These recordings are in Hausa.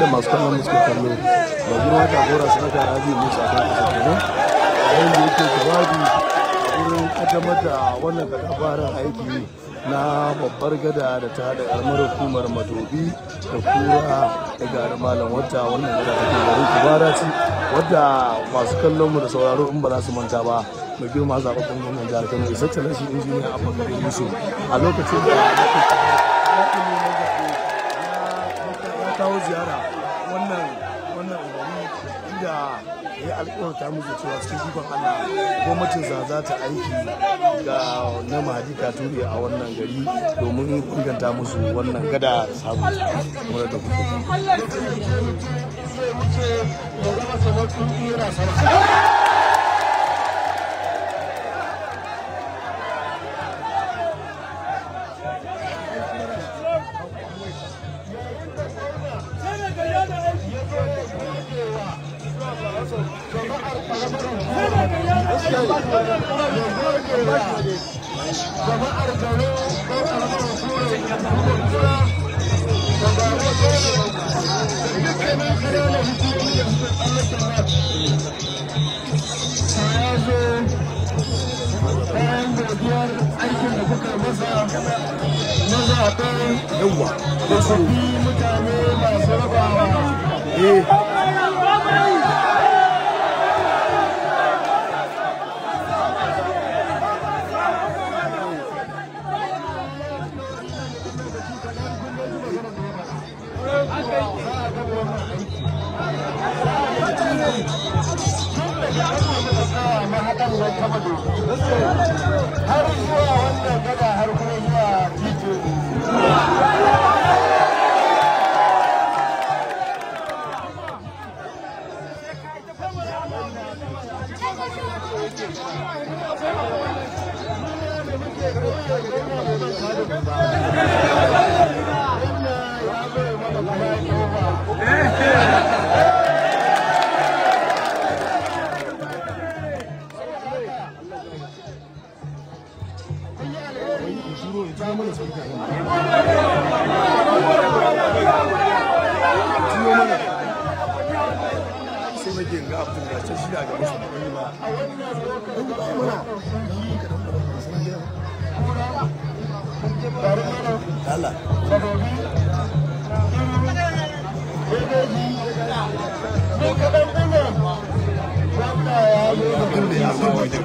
da masu kallo da gora rabi a kan kasa kenan yayin da yake jawabi wurin kaddamar da wannan gadabarar aiki na babbar gada da ta haɗa hukumar da kura da malam wata wannan gada kubara wadda masu kallon mu da sauraro in ba za su manta ba mai girma zaɓaɓɓen gwamnan jihar kano isa shi injiniya yusuf a lokacin da wakili kawo ziyara wannan wannan umarni inda ya alƙawarta musu cewa cikin ikon Allah gwamnatin za ta aiki ga na Mahadi Katuri a wannan gari domin inganta musu wannan gada samun mura da kuma. jama'ar gano ko karamar hukumar kura da ba wa da bayan godiyar aikin da kuka masa na zaɓen da mutane masu rabawa tsaya na haɗar da ta mado har zuwa wannan gada har kuma zuwa Thank you. nake ga abin da ta shida ga musu kuɗi ba in ba mana Allah abin da ya zo wajen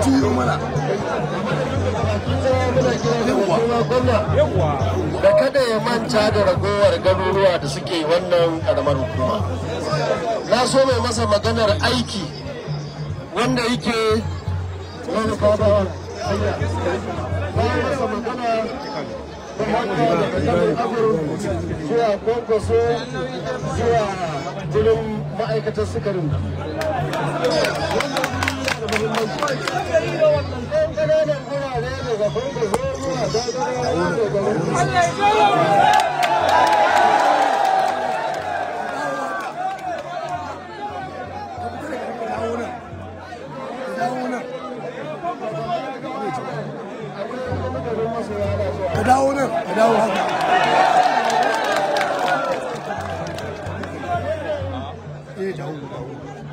juyo mana da kada ya manta da ragowar garuruwa da suke wannan karamar hukuma na so mai masa maganar aiki wanda yake wani fada masa magana zuwa kwankwaso zuwa jirin ma'aikatar sukarin ka dawo nan ka dawo haka eh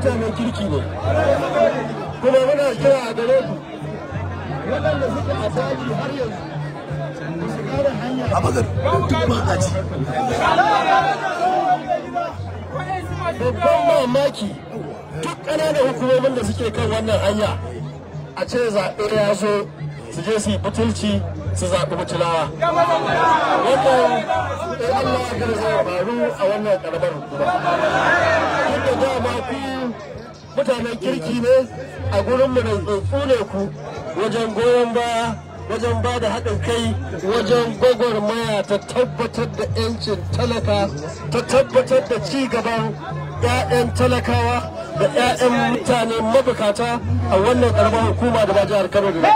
mutanen kirki ne kuma muna kira a gare waɗanda suke a har yanzu su kare hanya a bagar duk ba a ci babban mamaki duk ƙananan hukumomin da suke kan wannan hanya a ce zaɓe ya zo su je su yi butulci su zaɓi mutunawa. Wannan ɗan Allah ya zai faru a wannan ƙaramar Duk da dama ku mutanen kirki ne a gurin mu da tsotsu ne ku wajen goyon baya wajen ba da haɗin kai wajen gwagwarmaya ta tabbatar da 'yancin talaka ta tabbatar da ci gaban 'ya'yan talakawa da 'ya'yan mutane mabukata a wannan ƙarfin hukuma da ba jihar kano da